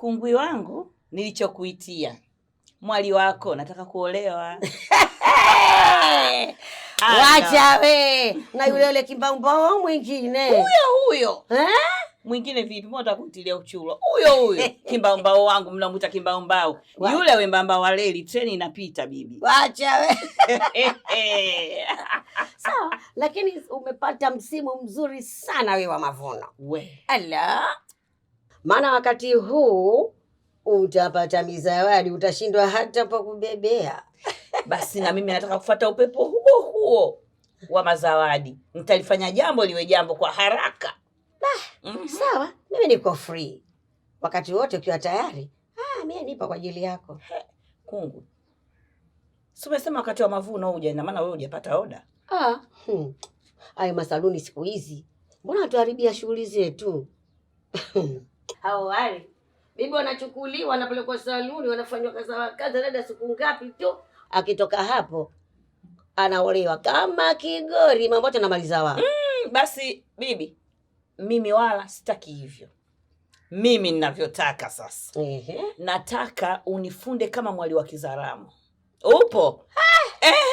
Kungwi wangu nilichokuitia mwali wako, nataka kuolewa. Wacha we na yule yule kimbaumbao mwingine huyo huyo eh? Mwingine vipi? Mbona utakutilia uchulo? Huyo huyo kimbaumbao wangu, mnamuita kimbaumbao yule wembamba wa leli, treni inapita bibi. Wacha we sawa, lakini umepata msimu mzuri sana we wa mavuno we maana wakati huu utapata mizawadi, utashindwa hata pa kubebea. Basi na mimi nataka kufuata upepo huo huo wa mazawadi, nitalifanya jambo liwe jambo kwa haraka. Bah, mm -hmm. Sawa, mimi niko free wakati wote, ukiwa tayari. Ah, mimi nipo kwa ajili yako. kungu si umesema wakati wa mavuno uje? ina maana wewe hujapata oda? Ah, hmm. Ayo masaluni siku hizi mbona tuharibia shughuli zetu? hao wale bibi wanachukuliwa, wanapelekwa saluni, wanafanywa kaza kaza, dada siku ngapi tu, akitoka hapo anaolewa kama kigori, mambo yote namaliza wao. Mm, basi bibi, mimi wala sitaki hivyo mimi ninavyotaka sasa, ehe, nataka unifunde kama mwali wa Kizaramo. Upo? Ha! Ah! Ehe.